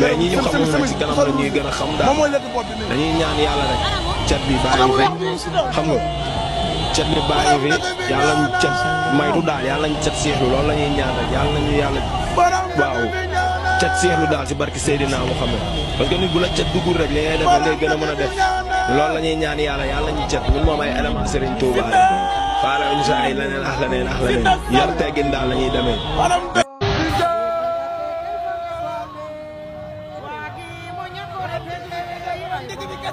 mais ñi ñu xamul nag ci kanam la ñuy gën a cet bi bàyyi fi yàlla ñu cet maytu daal yàlla ñu cet seexlu loolu la ñuy ñaanal yàlla nañu yàlla waaw cet seexlu daal si barki Seydina Muhammad parce que nit bu la cet dugul rek li ngay def gën a mën a def loolu la ñuy ñaan yàlla yàlla ñu cet ñun moom ay élément Serigne Touba la faara uñu sa ay leneen ax la neen ax la neen yar teggin daal la ñuy demee Dégg nga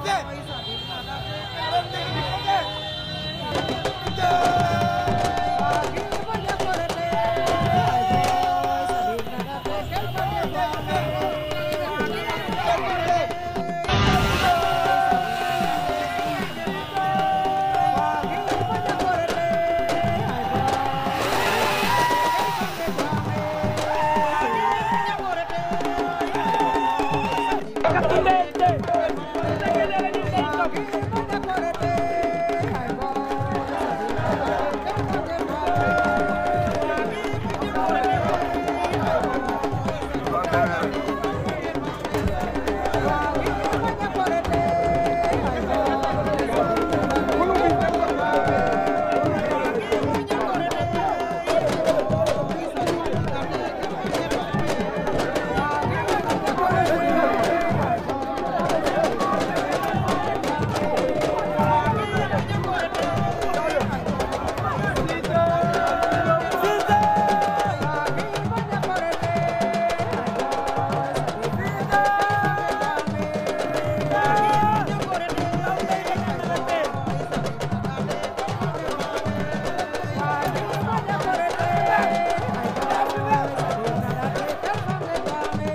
Thank you.